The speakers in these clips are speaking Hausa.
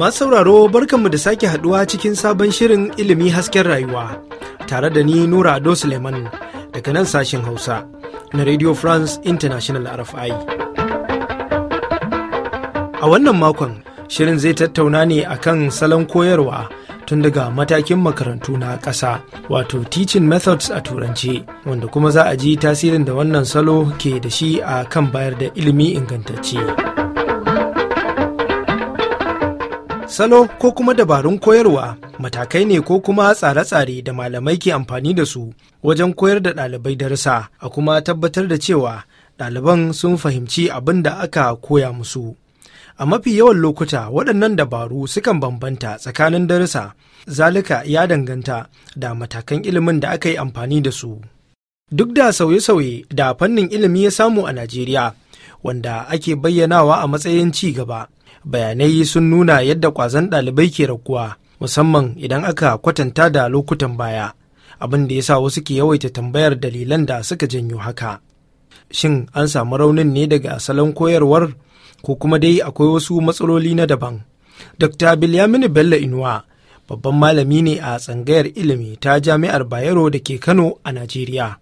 Masu sauraro barkanmu da sake haduwa cikin sabon shirin ilimi hasken rayuwa tare da ni Nura Ado Suleiman daga nan sashen Hausa na Radio France International RFI. A wannan makon shirin zai tattauna ne a kan salon koyarwa tun daga matakin makarantu na ƙasa wato teaching methods a turance wanda kuma za a ji tasirin da wannan salo ke da shi a kan bayar da ilimi ingantacce. Salo ko kuma dabarun koyarwa matakai ne ko kuma tsare-tsare da malamai ke amfani da su wajen koyar da ɗalibai darasa a kuma tabbatar da cewa ɗaliban sun fahimci abin da aka koya musu. A mafi yawan lokuta waɗannan dabaru sukan bambanta tsakanin darasa, zalika ya danganta da matakan ilimin da aka yi amfani da su. Duk da sauye-sauye da fannin ilimi ya samu a Najeriya, wanda ake bayyanawa a matsayin ci gaba. bayanai sun nuna yadda kwazon ɗalibai ke raguwa musamman idan aka kwatanta da lokutan baya abin da ya sa wasu ke yawaita tambayar dalilan da suka janyo haka shin an samu raunin ne daga salon koyarwar ko kuma dai akwai wasu matsaloli na daban dr bilyamini bello inuwa babban malami ne a tsangayar ilimi ta jami'ar bayero da ke kano a najeriya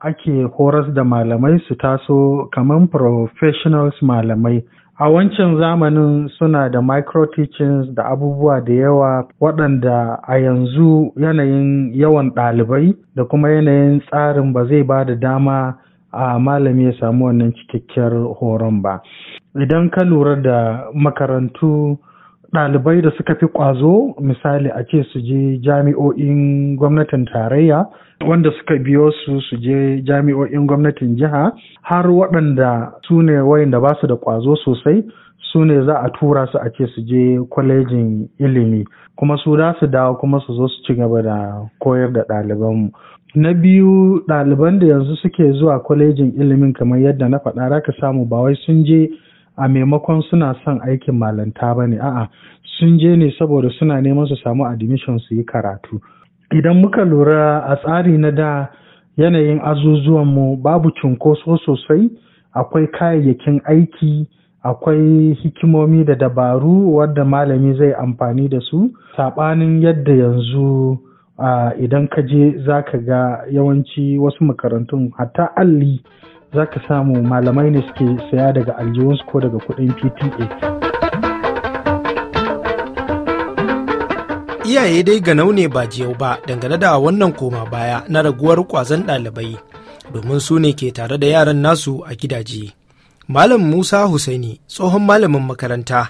ake horas da malamai su taso kamar professionals malamai A wancan zamanin suna da micro-teachings da abubuwa da yawa waɗanda a yanzu yanayin yawan ɗalibai da kuma yanayin tsarin ba zai ba da dama a malami ya samu wannan cikakkiyar horon ba. Idan ka lura da makarantu ɗalibai da suka fi ƙwazo misali a ce su je jami'o'in gwamnatin tarayya wanda suka biyo su su je jami'o'in gwamnatin jiha har waɗanda su ne wayanda ba su da ƙwazo sosai su ne za a tura su a ce su je kwalejin ilimi kuma su za su dawo kuma su zo su ci gaba da koyar da ɗalibanmu na biyu ɗaliban da yanzu suke zuwa kwalejin ilimin kamar yadda na faɗa raka samu ba wai sun je a maimakon suna son aikin malanta ba ne a'a sun je ne saboda suna neman su samu admission su yi karatu idan muka lura a tsari na da yanayin azuzuwan mu babu cunkoso sosai akwai kayayyakin aiki akwai hikimomi da dabaru wadda malami zai amfani da su saɓanin yadda yanzu idan ka je za ka ga yawanci wasu makarantun hatta alli za ka samu malamai ne suke saya daga aljihunsu ko daga kuɗin pta iyaye dai ganau ne ba jiyau ba dangane da wannan koma baya na raguwar kwazon ɗalibai domin su ne ke tare da yaran nasu a gidaje malam musa husaini tsohon malamin makaranta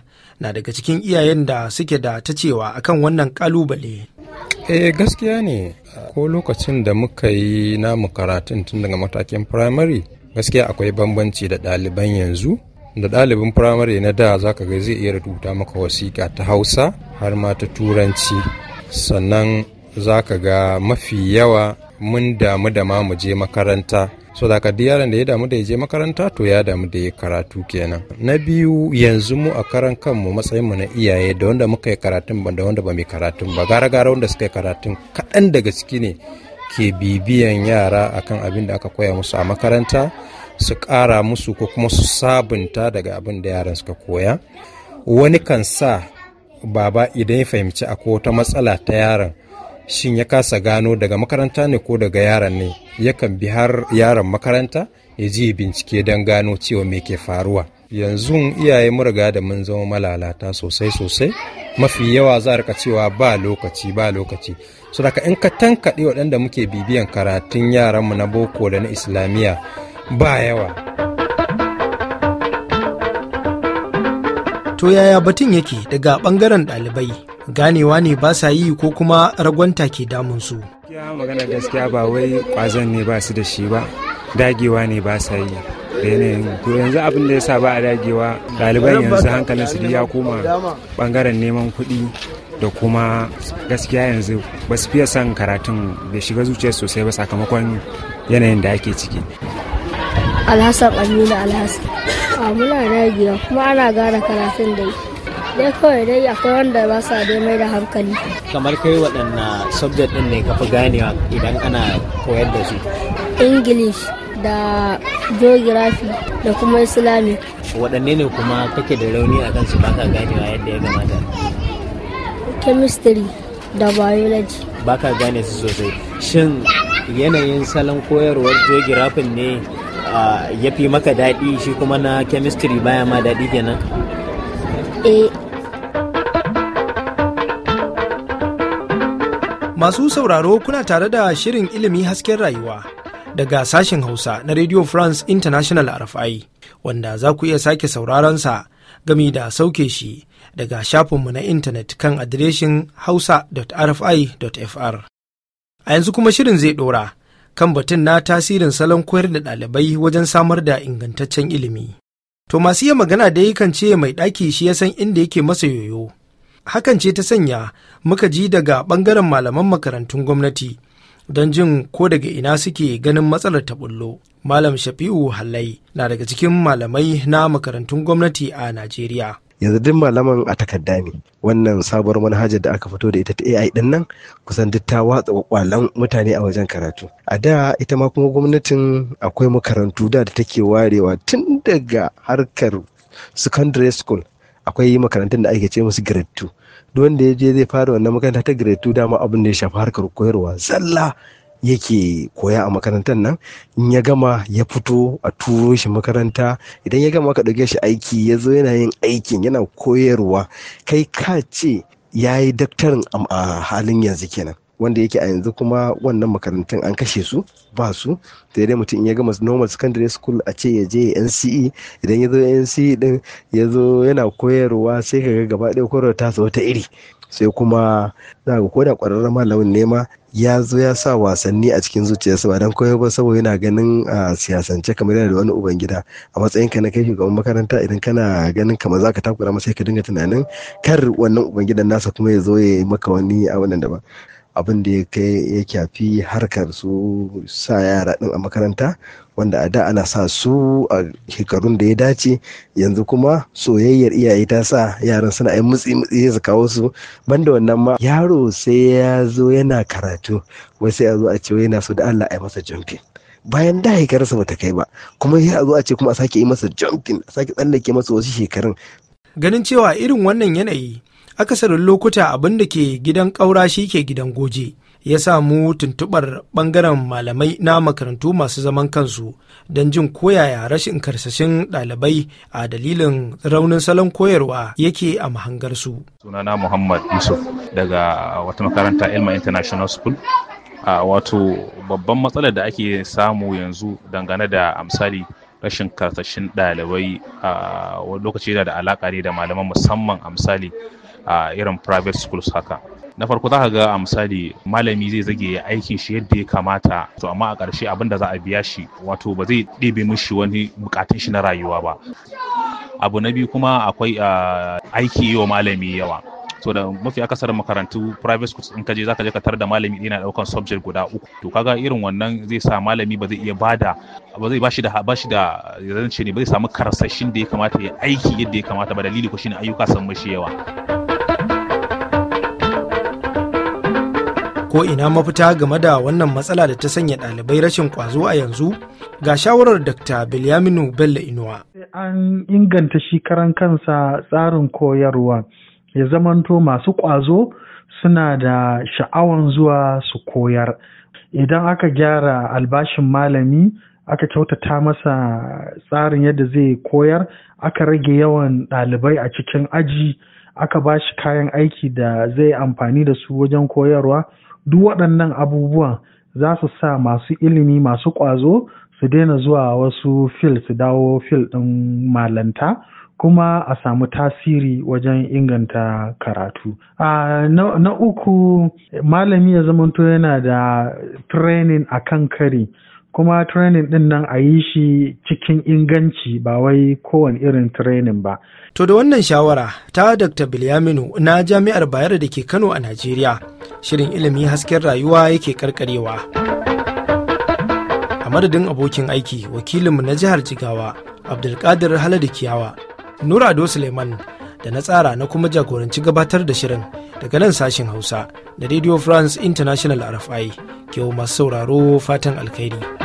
na daga cikin iyayen da suke da ta cewa akan wannan kalubale eh gaskiya ne ko lokacin da muka yi namu karatun tun daga matakin firamare gaskiya akwai bambanci da ɗaliban yanzu da ɗalibin firamare na da zaka ga zai iya rubuta maka wasiƙa ta hausa har ma ta turanci sannan za ka ga mafi yawa mun damu da ma mu je makaranta so da ka yaron da ya damu da ya je makaranta to ya damu da ya karatu kenan na biyu yanzu mu a karan kanmu matsayin mu na iyaye da wanda muka yi karatun ba da wanda ba mai karatun ba gara gara wanda suka yi karatun kaɗan daga ciki ne ke bibiyan yara akan abin da aka koya musu a makaranta su ƙara musu ko kuma su sabunta daga abin da yaran suka koya wani kan sa baba idan ya fahimci akwai wata matsala ta yaran shin ya kasa gano daga makaranta ne ko daga yaron ne yakan bi har yaran makaranta ya ji bincike don gano cewa me ke faruwa yanzu iyaye mu riga da mun zama malalata sosai sosai mafi yawa za a cewa ba lokaci ba lokaci so daga in ka tankaɗe waɗanda muke bibiyan karatun yaranmu na boko da na islamiyya ba yawa to yaya batun yake daga ɓangaren ɗalibai ganewa ne ba sa yi ko kuma ragwanta ke damunsu magana gaskiya ba wai ƙwazon ne ba su da shi ba dagewa ne ba sa yi to yanzu abin da ya sa ba a dagewa ɗaliban yanzu hankalin su ya koma bangaren neman kuɗi da kuma gaskiya yanzu ba su fiye son karatun bai shiga zuciya sosai ba sakamakon yanayin da ake ciki alhassan da alhassan a muna dagewa kuma ana gara karatun dai dai kawai dai akwai wanda ba sa dai mai da hankali kamar kai waɗanna subject ɗin ne ka fi ganewa idan ana koyar da su english da geography da kuma islami waɗanne ne kuma kake da rauni a kansu baka ganewa yadda ya gamata chemistry da biology baka gane su sosai shin yanayin salon koyarwar geography ne ya fi maka daɗi shi kuma na chemistry baya ma daɗi kenan eh. Masu sauraro kuna tare da shirin ilimi hasken rayuwa daga sashen Hausa na Radio France International RFI wanda za ku iya sake sauraron sa gami da sauke shi daga shafinmu na intanet kan adireshin hausa.rfi.fr. A yanzu kuma shirin zai ɗora kan batun na tasirin salon koyar da ɗalibai wajen samar da ingantaccen ilimi. To masu iya magana da yakan ce mai ɗaki shi ya san inda yake masa yoyo. Hakan ce ta sanya muka ji daga ɓangaren malaman makarantun gwamnati. don jin ko daga ina suke ganin matsalar ta bullo. Malam Shafi'u Hallai na daga cikin malamai na makarantun gwamnati a Najeriya. Yanzu duk malaman a takarda ne wannan sabuwar manhajar da aka fito da ita ta AI din nan kusan duk ta watsa kwalan mutane a wajen karatu. A da ita ma kuma gwamnatin akwai makarantu da da take warewa tun daga harkar secondary school akwai makarantun da ake ce musu grade duk wanda ya je zai fara wannan makaranta ta grade 2 dama abin da ya shafi harkar koyarwa zalla yake koya a makarantar nan in ya gama ya fito a turo shi makaranta idan ya gama ka ɗauke shi aiki ya zo yana yin aikin yana koyarwa kai ka ce ya yi daktarin a halin yanzu kenan wanda yake a yanzu kuma wannan makarantun an kashe su ba su dai mutum in ya gama normal secondary school a ce ya je NCE idan ya zo NCE din ya zo yana koyarwa sai kaga gaba ɗaya koyarwa ta wata iri sai kuma za ga ko ƙwararren malamin nema ya zo ya sa wasanni a cikin zuciyarsa ba don koyo ba saboda yana ganin a siyasance kamar yana da wani ubangida a matsayinka na kai shugaban makaranta idan kana ganin kamar za ka takura masa ka dinga tunanin kar wannan ubangidan nasa kuma ya zo ya yi maka wani a wannan daban abin da ya kai ya kyafi harkar su sa yara ɗin a makaranta wanda a da ana sa su a shekarun da ya dace yanzu kuma soyayyar iyaye ta sa yaran suna yin mutsi mutsi su kawo su banda wannan ma yaro sai ya zo yana karatu wai sai ya zo a ce yana so da Allah a yi masa jumping bayan da shekararsa bata kai ba kuma sai a zo a ce kuma a sake yi masa jumping a sake tsallake masa wasu shekarun ganin cewa irin wannan yanayi akasarin lokuta abin da ke gidan ƙaura shi ke gidan goje ya samu tuntuɓar ɓangaren malamai na makarantu masu zaman kansu don jin koyaya rashin karsashin ɗalibai a dalilin raunin salon koyarwa yake a mahangarsu. sunana muhammad yusuf daga wata makaranta ilma international school a wato babban matsalar da ake samu yanzu dangane da amsali rashin karsashin ɗalibai a lokaci da alaƙa ne da malaman musamman a misali a irin private schools haka na farko za ka ga a misali malami zai zage aikin shi yadda ya kamata to amma a ƙarshe abin da za a biya shi wato ba zai ɗebe mishi wani bukatun shi na rayuwa ba abu na biyu kuma akwai aiki yi wa malami yawa so da mafi akasar makarantu private schools in kaje zaka je ka tar da malami ɗaya na ɗaukan subject guda uku to kaga irin wannan zai sa malami ba zai iya bada ba zai bashi da bashi da ne ba zai samu karsashin da ya kamata ya aiki yadda ya kamata ba dalili ko shine ayyuka sun mishi yawa ko ina mafita game da wannan matsala da ta sanya ɗalibai rashin ƙwazo a yanzu ga shawarar dr bilyaminu bello inuwa an inganta shi karan kansa tsarin koyarwa ya zamanto masu ƙwazo suna da sha'awan zuwa su koyar idan aka gyara albashin malami aka kyautata masa tsarin yadda zai koyar aka rage yawan ɗalibai a cikin aji aka ba shi kayan aiki da zai amfani da su wajen koyarwa duk waɗannan abubuwan za su sa masu ilimi masu ƙwazo su daina zuwa wasu fil su dawo fil ɗin malanta kuma a samu tasiri wajen inganta karatu. Uh, na, na uku malami ya zamanto yana da training a kan kari kuma training din nan a yi shi cikin inganci ba wai kowane irin training ba. To da wannan shawara ta Dr. Bilyaminu na Jami'ar Bayero da ke Kano a Najeriya, shirin ilimi hasken rayuwa yake karkarewa. A madadin abokin aiki wakilinmu na jihar Jigawa, Abdulkadir Haladu Kiyawa, Nura Ado Suleiman da na tsara na kuma jagoranci gabatar da shirin daga nan sashen Hausa da Radio France International RFI. ke masu sauraro fatan alkhairi.